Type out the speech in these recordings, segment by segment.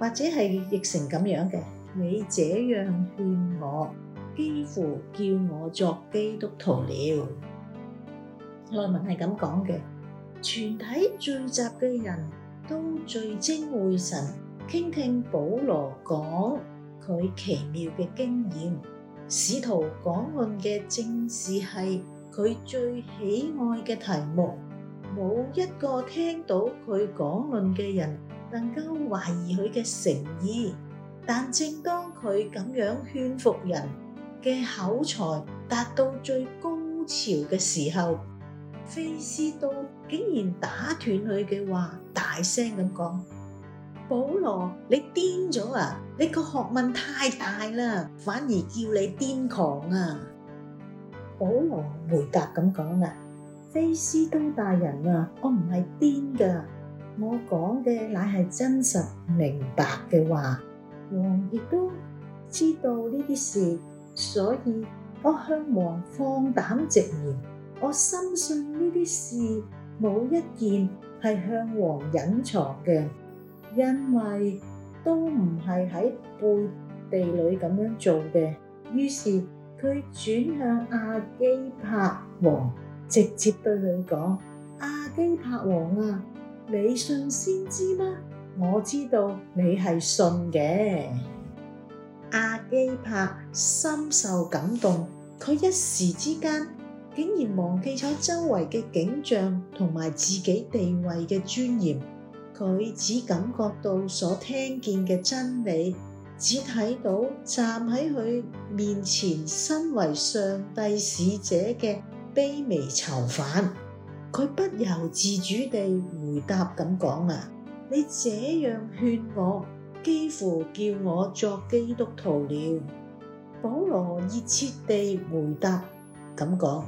或者係譯成咁樣嘅，你這樣勸我，幾乎叫我作基督徒了。內文係咁講嘅，全體聚集嘅人都聚精會神傾聽保羅講佢奇妙嘅經驗。使徒講論嘅正是係佢最喜愛嘅題目，冇一個聽到佢講論嘅人，能夠懷疑佢嘅誠意，但正當佢咁樣勸服人嘅口才達到最高潮嘅時候，菲斯都竟然打斷佢嘅話，大聲咁講：保羅，你癲咗啊！你個學問太大啦，反而叫你癲狂啊！保羅回答咁講啦：菲斯都大人啊，我唔係癲噶。我講嘅乃係真實明白嘅話，王亦都知道呢啲事，所以我向王放膽直言。我深信呢啲事冇一件係向王隱藏嘅，因為都唔係喺背地裏咁樣做嘅。於是佢轉向亞基帕王，直接對佢講：亞基帕王啊！你信先知嗎？我知道你係信嘅。亞基帕深受感動，佢一時之間竟然忘記咗周圍嘅景象同埋自己地位嘅尊嚴，佢只感覺到所聽見嘅真理，只睇到站喺佢面前、身為上帝使者嘅卑微囚犯。佢不由自主地回答咁講，啊！你這樣勸我，幾乎叫我作基督徒了。保羅熱切地回答咁講：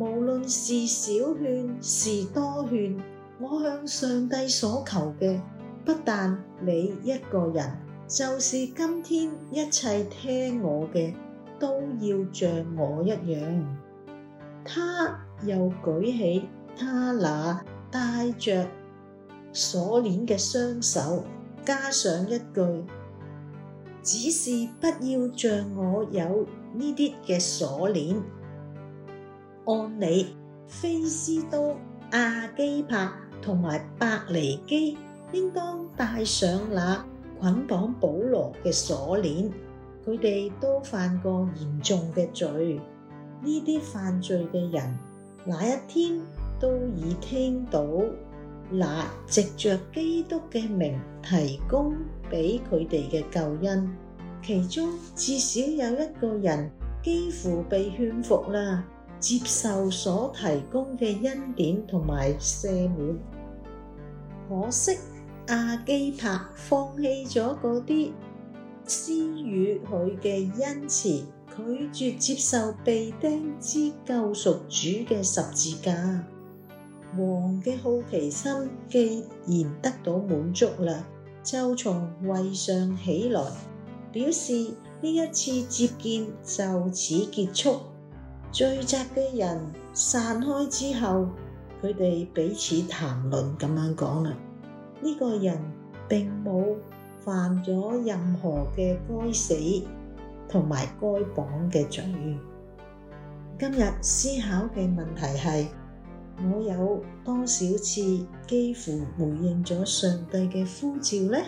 無論是少勸是多勸，我向上帝所求嘅，不但你一個人，就是今天一切聽我嘅，都要像我一樣。他又舉起。他那帶著鎖鏈嘅雙手，加上一句，只是不要像我有呢啲嘅鎖鏈。按理，菲斯多、亞基帕同埋百尼基，應當帶上那捆綁保羅嘅鎖鏈。佢哋都犯過嚴重嘅罪。呢啲犯罪嘅人，那一天，都已聽到那藉著基督嘅名提供俾佢哋嘅救恩，其中至少有一個人幾乎被勸服啦，接受所提供嘅恩典同埋赦免。可惜亞基帕放棄咗嗰啲施予佢嘅恩慈，拒絕接受被釘之救贖主嘅十字架。王嘅好奇心既然得到滿足啦，就從位上起來，表示呢一次接見就此結束。聚集嘅人散開之後，佢哋彼此談論咁樣講啊，呢、呢個人並冇犯咗任何嘅該死同埋該綁嘅罪。今日思考嘅問題係。我有多少次幾乎回應咗上帝嘅呼召呢？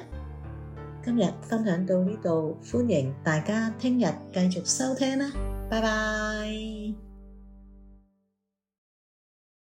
今日分享到呢度，歡迎大家聽日繼續收聽啦，拜拜。